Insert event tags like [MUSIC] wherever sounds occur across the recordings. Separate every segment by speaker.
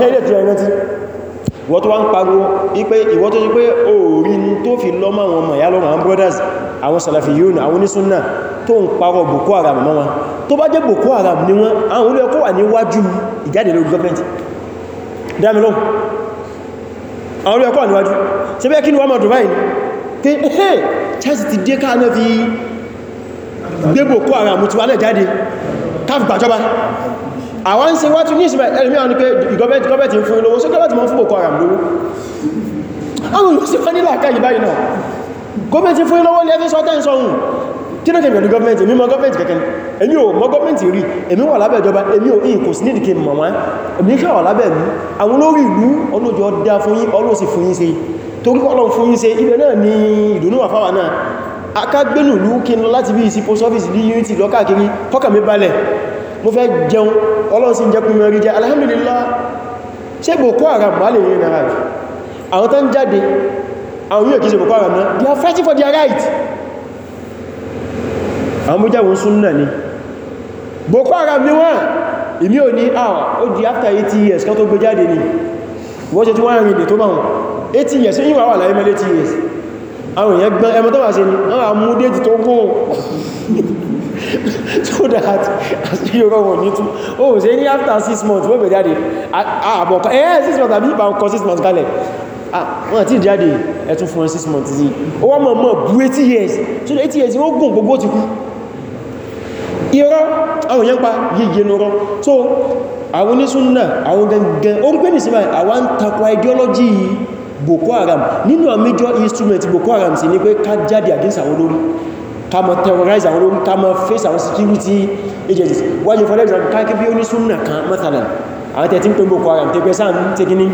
Speaker 1: ẹ̀rẹ́ tí ẹ̀rẹ́ tí
Speaker 2: wọ́n tó wá ń pariwo ipé ìwọ́n tó jí pé orí ní tó fi lọ́mọ àwọn ọmọ ìyá lọ́mọ àwọn brothers àwọn Salafiyun àwọn onísúnnà tó ń parọ́ Boko Haram mọ́ wọn tó bá jẹ́ Boko Haram ní wọn àwọn olóyẹ kó wà níwájú ìjáde lórí gọ́ọ̀mẹ́ntì dámilọ́n àwọn olóyẹ kó wà níwájú ṣe bẹ́ kí ni wọ́n mọ̀ dubai pé ẹ̀hẹ́ chance ti dé káà náà fi gbé Boko Haram tí wọ́n náà jáde káàfi gbàjọba àwọn ń ṣe wá tún ní ìsinmi ẹ̀rìmí àwọn ní pé gọ́ọ̀mẹ́ntì gọ́ọ̀mẹ́ntì ń fún olówó sí gọ́ọ̀mẹ́ntì mọ́ fún Boko Haram lówó àwọn yóò sì fẹ́ nílà káyì báyìí náà gọ́ọ̀mẹ́ntì fún olówó lẹ́fẹ́ sọ́tẹ́ sọ́hun kí ló kẹ́ pẹ̀lú gọ́ọ̀mẹ́ntì èmi mọ gọ́ọ̀mẹ́ntì kẹ́kẹ́ èmi ò mọ gọ́ọ̀mẹ́ntì rí èmi wà lábẹ́ ìjọba èmi ò ìyìn kò sí nídìí kí mọ̀mọ́ èmi ṣe wà lábẹ́ mi àwọn olórí ìlú ọlọ́jọ́ dá fún yín ọlọ́ sí fún yín ṣe torí ọlọ́ fún yín ṣe ibẹ̀ náà ni ìdùnnú àfáwà náà akágbénù lú kí n lọ láti bí sí post office ní unity lọ́kàkiri kọ́kà mi balẹ̀ mo fẹ́ jẹun ọlọ́run sí jẹ́kún mẹ́rin jẹ́ alhamdulillah ṣe boko haram wà lè rí náà rí àwọn tó jáde àwọn yóò kí ṣe boko haram náà they are fighting for their right àwọn mú jẹ́wọ́n súnnà ni boko haram ni wọ́n èmi ò ní àwọn ah, ó di after 80 years kan tó gbé jáde ni wọ́n ṣe tí wọ́n 80 years yíwà wà láyé mẹ́lẹ́ 80 years àwọn èèyàn gbọ́n ẹmọ tó ni àwọn àmúdé ti tó [LAUGHS] so that as you go on YouTube oh say ni after six months wey be jáde ah but eh, eh six months àbí ba ko six months kalẹ̀ ah wọ́n ti jáde ẹ tún fún six months yìí ó wá mo mo bu 80 years so 80 years You gùn go go kú irọ́ àwọn yẹn pa yíye nírọ́ so àwọn onísúnnà àwọn gangan o ń pè ní símá àwọn ń takwa ideology Boko Haram nínú major instrument Boko Haram sí ní pé ká jáde against àwọn olórí ká má terrorize àwọn olórin ká má face àwọn security agencies wájú for example káàkiri bí ó ní súnnà kan mọ́tàlá àwọn tẹ̀ tí ń pè Boko Haram tẹ́gbẹ́ sáà ń tẹ́ kíní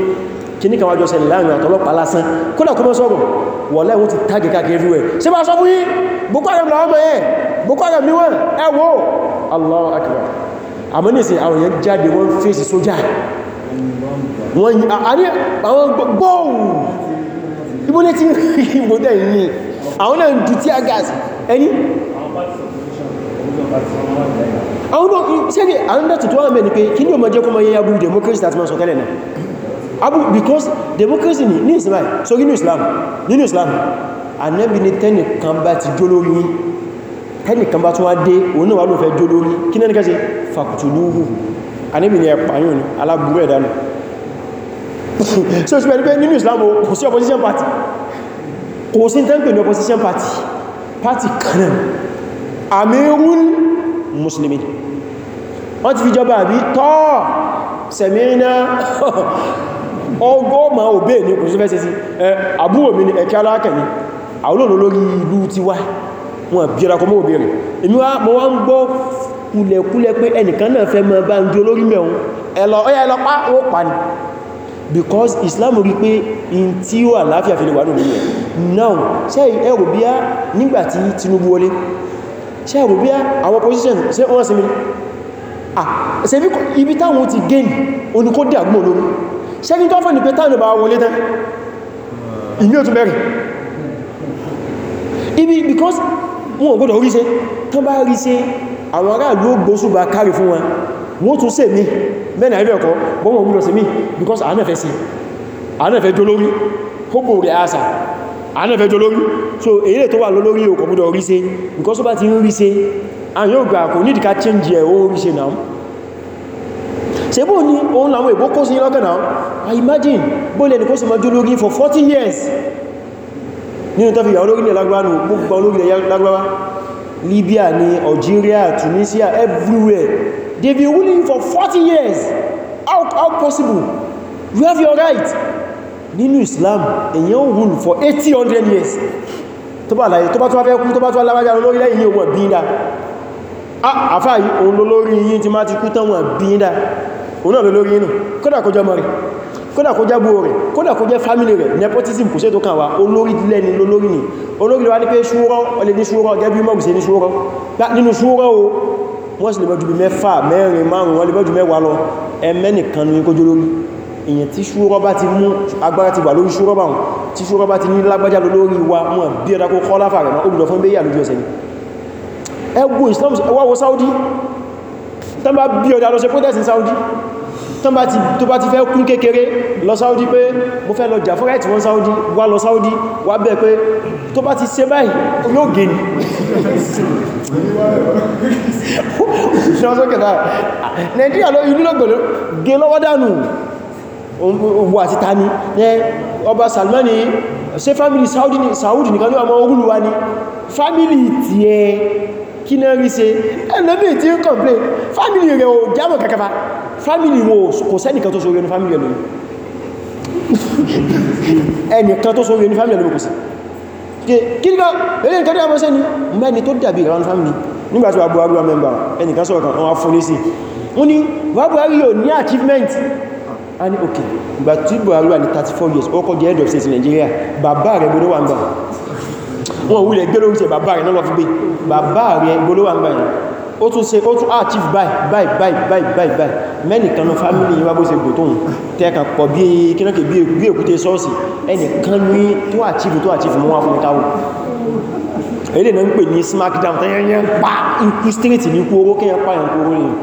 Speaker 2: kíní kan wájọ́ sẹlẹ̀ láàrin àtọlọ́pàá lásán kódà kó mọ́ sọ́rọ̀ wọ́lẹ́ wọ́n ti tàgì káàkiri everywhere ṣe bá sọ fún yí Boko Haram làwọn mọ̀ ẹ̀ Boko Haram ní wọ́n ẹ wò Allahu Akbar àmọ́ ní ìsìn àwọn èèyàn jáde wọ́n fèsì sójà wọ́n yí àwọn gbọ́ọ̀wù ibú ní tí ìbò dẹ̀ yìí àwọn náà dùtí àgáàsì ẹni àwọn náà sẹ́rí àwọn dátù tó wà mẹ́ ni pé kí ní o mọ́ jẹ́ kó mọ́ yẹ́ abu democracy that mọ́ sọ tẹ́lẹ̀ náà abu because democracy ni ní ìsinmi so nínú Islam nínú Islam anẹ́bi ni tẹ́nìkan bá ti jó lórí tẹ́nìkan bá tún wá dé òun náà wà ló fẹ́ jó lórí kí náà ní kẹ́sẹ̀ fàkùtùlúhù anẹ́bi ni ẹ̀pàyàn ni aláburú ẹ̀dánù [LAUGHS] so ṣe pẹ̀lú pé nínú Islam kò sí opposition party kò sí tẹ́ǹpẹ̀ ní opposition party pàtì kanáà amirun muslimin wọ́n ti fi jọba àbí tọ́ sẹ̀mìnà [LAUGHS] ọgbọ́ ma òbé ní kò súnfẹ́ sí àbúrò mi ní ẹ̀kẹ́ alákẹ̀ ní àwọn olórí ìlú ti wá wọn bíra kọmọ òbé rẹ̀ èmi wá mọ́ wá ń gbọ́ kúlẹ̀kúlẹ̀ pé ẹnìkan náà fẹ́ mọ́ bá ń di olórí mẹ́un ẹ̀lọ́ ọyá ẹlọ́pàá ó pa ni because Islam rí pé in tí ó àláfíà fi lè wà lórí ẹ̀ now ṣe ẹ̀rù bí á nígbàtí Tinubu wọlé ṣe ẹ̀rù bí á àwọn position ṣe wọ́n sí mi ah ṣe ibi táwọn ti gain oníkódé àgbò lórí ṣe ní tọ́fẹ́ ní pé táwọn bá wọlé tán ìní ò tún bẹ̀rẹ̀ ibi because wọn ò gbọ́dọ̀ orí ṣe tán bá rí ṣe àwọn aráàlú ó gbóṣùgbà kárì fún wọn wọ́n tún ṣe mí mẹ́rin àríwẹ̀ ọkọ̀ gbọ́mọ̀ gbúdọ̀ sí mí because àwọn ẹ̀fẹ́ sí àwọn ẹ̀fẹ́ jólórí kóbò rẹ̀ àṣà àwọn ẹ̀fẹ́ jólórí so èyí tó wà lólórí o kò gbúdọ̀ rí ṣe because ó bá ti ń rí ṣe àwọn yóò gbà kò nídìí change ẹ̀ ó rí ṣe náà ṣe bó ní òun làwọn èbó kó sí lọ́gàn i imagine bó lẹ́ni kó sì mọ́ for 40 years nínú tó fi yà olórin lágbàánù gbogbo Libya ni Algeria Tunisia everywhere They've been ruling for 40 years. How, how possible? You have your right. Nínú Islam, èyàn rule for 800 years. Tó bá láyé, tó bá tó wá fẹ́ kú, tó bá tó wá láwájá lórí lẹ́yìn yíò wọ́n bí ń dá. Ah, Àfá yìí, òun ló lórí yìí ti máa ti kú tán wọ́n bí ń dá. Òun náà ló lórí inú. Kódà kó jẹ́ mọ́ rẹ̀, kódà kó jẹ́ bó rẹ̀, kódà kó jẹ́ family rẹ̀, nepotism kò ṣe tó olórí lẹ́ni lólórí ni. Olórí lọ wá ní wọ́n sì lè bọ́jú bí mẹ́fà mẹ́rin márùn wọ́n lè bọ́jú mẹ́wàá lọ ẹmẹ́nìkan ní kójú lórí èyàn tí ṣúrọ́ bá ti mú agbára ti bà lórí ṣúrọ́ bá wọn tí ṣúrọ́ bá ti ní lágbájá lórí wa wọn bí ẹ̀dá kó kọ́lá fà rẹ̀ mọ́ olùlọ fún bẹ́yà lójú ẹsẹ̀ ni ẹgbù Islam wáwo Saudi tán bá bí ọdá lọ sí protest in Saudi tó bá ti fẹ́ kún kékeré lọ Saudi pé mo fẹ́ lọ jà fún ẹ̀tì wọn Saudi wá lọ Saudi wà bẹ̀ pé tó bá ti ṣe báyìí yóò gẹ̀ẹ́ni Nàìjíríà lọ ìlú lọ́gbẹ̀lẹ́ gẹ lọ́wọ́ dànù òwò àti tani ọba Salmani ṣe family Saudi nìkan ní ọmọ ogúnlùwá ni family tí ẹ kí náà rí ṣe ẹ̀lọ́bẹ̀ tí ó kọ̀m̀plẹ̀ family rẹ̀ ò jámọ̀ kàkàfà family wọn kò sẹ́nìkan tó sórí ẹni family ẹlòmí ẹnìkan tó sórí ẹni family ẹlòmí kò sí kílíkà eré nǹkan tó yàmọ́ sẹ́ni mẹ́ni tó dàbí ìran family nígbàtí wà buhari wà mẹ́mbà ẹnìkan sọ̀rọ̀ kan wọ́n fún ní sí wọ́n ni buhari yóò ní achievement a ní ok ìgbà tí buhari wà ní 34 years ó kọ́ jẹ́ head of state Nigeria bàbá rẹ̀ gbọ́dọ̀ wà ń bà wọ́n wulẹ̀ gbẹ́lórí tẹ bàbá rẹ̀ náà lọ fi gbé bàbá rẹ̀ gbọ́dọ̀ wà ń bà yìí ó tún ṣe ó tún achieve báyìí báyìí báyìí báyìí báyìí báyìí mẹ́nìkan ní fámílì yíwá bó ṣe gbò tóhun tẹ́ẹ̀kà pọ̀ bí kínákè bí èkúté sọ́ọ̀sì ẹnìkan ní tó achieve tó achieve mọ́ wá fún ìtawò èdè náà ń pè ní smackdown tẹ́yẹnyẹn pa ikú street ní kú oró kíyàn pa ìyàn kúrò nìyàn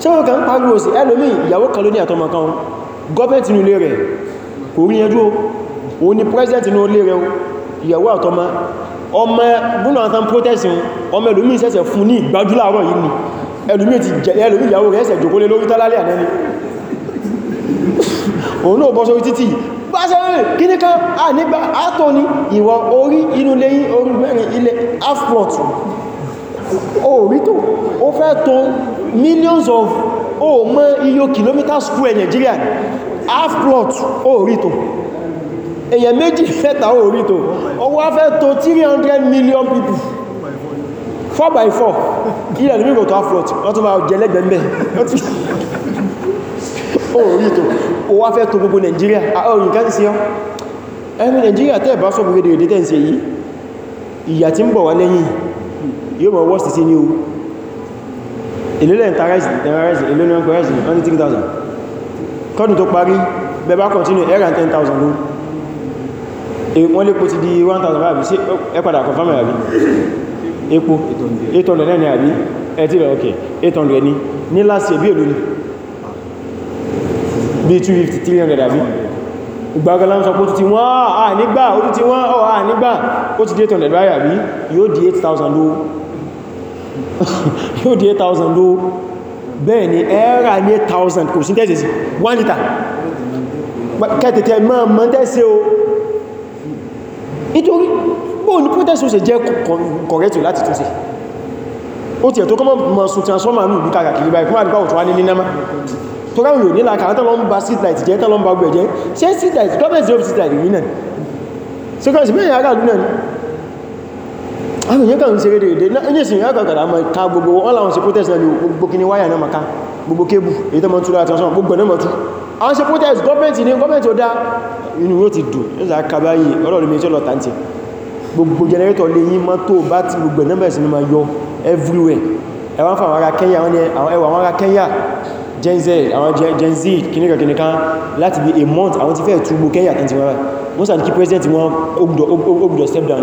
Speaker 2: tí wọ́n kàn ń pariwo sí ẹlòmí ìyàwó kan ló ní àtọmọ kan gọ́ọ̀mẹ́ntì inú ilé rẹ̀ kò rí ẹjọ́ òun ni president inú ilé rẹ̀ ìyàwó àtọmọ ọmọ gúnlọ̀ àtàn protestin ọmọ ẹlòmí ìṣẹ́sẹ̀ fún ní ìgbájúláàrọ̀ yìí ni ẹlòmí ti jẹ̀lẹ̀ ẹlòmí ìyàwó rẹ̀ ẹsẹ̀ jòkólé lórí tálálẹ̀ ànẹ́ni òun náà bọ́ sórí títì bá sẹ́rẹ̀ kí ní kan a nígbà àtọ́ ni ìwọ̀ orí inú lẹ́yìn orí mẹ́rin ilẹ̀ afrot orí tó ó fẹ́ tó millions of o mọ́ iye kilometer square Nigeria afrot orí tó èyàn méjì mẹ́ta ò rí tó ọwọ́ afẹ́ tó 300 million people 4 by 4 ilẹ̀ ní mìíràn tó á float wọ́n tó máa jẹ́lẹ́gbẹ̀ mẹ́ ò rí tó ọwọ́ afẹ́ tó gbogbo Nigeria àọ́yìn ká sí ọ́ ẹni Nigeria tẹ́ bá sọ gbogbo èdè tẹ́ǹsì yìí ìyà tí ń bọ̀ wá lẹ́yìn yóò mọ̀ wọ́s sí ní o ìlélẹ̀ ìtàrẹ́sì ìlélẹ̀ ìtàrẹ́sì 13000 kọ́dù tó parí bẹ́bá continue ẹ̀rà 10000 wọ́n lè kó ti di 1000 àbí sí ẹpadà confirm àbí epo 800 náà ni àbí ẹ̀tí rẹ̀ ok 800 ni ní last year bí èlò ni bí 250 300 àbí ìgbàgbàlá ń sọ pé ó ti wọ́n à nígbà ó ti wọ́n ọ̀ à nígbà ó ti di 800 báyà bí yóò di 8000 ló [LAUGHS] yóò di 8000 ló bẹ́ẹ̀ ni ẹ́rà ní 8000 kò sí tẹ́sẹ̀ sí 1 litre kẹ́tẹ̀tẹ̀ mọ́ mọ́ tẹ́sẹ̀ o nítorí bóò ní protest ó ṣe jẹ́ kọ̀rẹ́tì láti túnṣe ó ti ẹ̀ tó kọ́mọ̀ mọ̀ sùn tí a sọ́mà ní ìlú kàkàkiri báyìí fún àdúgbà òtúwá ní nínama tó ráwùn yóò nílá kàrátà lọ ń ba streetlight jẹ́ tọ́lọ ń ba gbẹ̀jẹ́ ṣe streetlight government zero streetlight rí náà ṣe kọ́ sí mẹ́rin ará àdúgbà ní àwọn èèyàn kan ń ṣe rédèrèdè ní ìsìn ìyá kàkàrà àmà ká gbogbo wọn láwọn ṣe protest náà ní gbogbo kíní wáyà náà maka gbogbo kébù èyí tó mọ́ tú lára transform gbogbo náà mọ́ tú àwọn ṣe protest gọ́ọ̀mẹ́ntì ní government, ó dá inú yóò ti dùn ní ìsàkàbáyé ọlọ́rin méjì lọ tàntì gbogbo generator lè yí mọ́tò bá ti gbogbo numbers ní ma yọ everywhere ẹwà fún àwọn ará Kenya wọ́n ni ẹwà àwọn ará Kenya Gen Z àwọn Gen Z kìníkà kìníkà láti bí a month àwọn ti fẹ́ túgbò Kenya tàntì wọ́n sàn kí president wọn ó gbọ́dọ̀ step down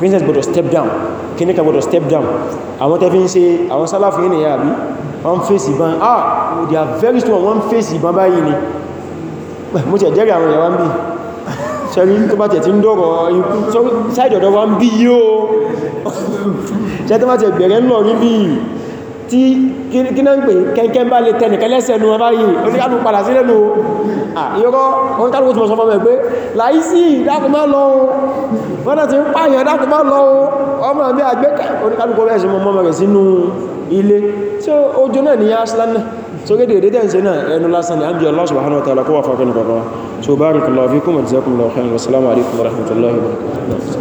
Speaker 2: princess gbọdọ̀ step down kíníkà gbọdọ̀ step down àwọn tẹ́fí ń ṣe àwọn sálàfí ní àbí wọ́n fèsì ìbọn ah they are very strong wọ́n fèsì ìbọn báyìí ni mo tẹ̀ jẹ́rì àwọn ìyàwó ń bí [LAUGHS] ṣẹ́rí tó bá tẹ̀ tí ń dọ̀rọ̀ side ọ̀dọ̀ wa ń bí yíó [LAUGHS] ṣẹ́ tó bá tẹ̀ bẹ̀rẹ̀ ń lọ rí bí tí kíná ń pè kẹ́kẹ́ bá lè tẹnìkẹ́ lẹ́sẹ̀ ní ọba yìí oníkàlù padà sí lẹ́nu ìyọ́kọ́ oníkàlù tó sọ fọ́mọ̀ pé láìsí dákùnmá lọ wọ́n náà ti ń pààyàn dákùnmá lọ ọmọ mi àgbẹ́kẹ́ oníkàlù kọ́ bẹ́ẹ̀ sí mọ́ rẹ̀ sínú ilé tí aslan sókèdè dédé ṣe náà ẹnu lásán ni Allah subhanahu wa ta'ala kó wà so barakallahu fikum wa jazakumullahu khairan wa salamu alaikum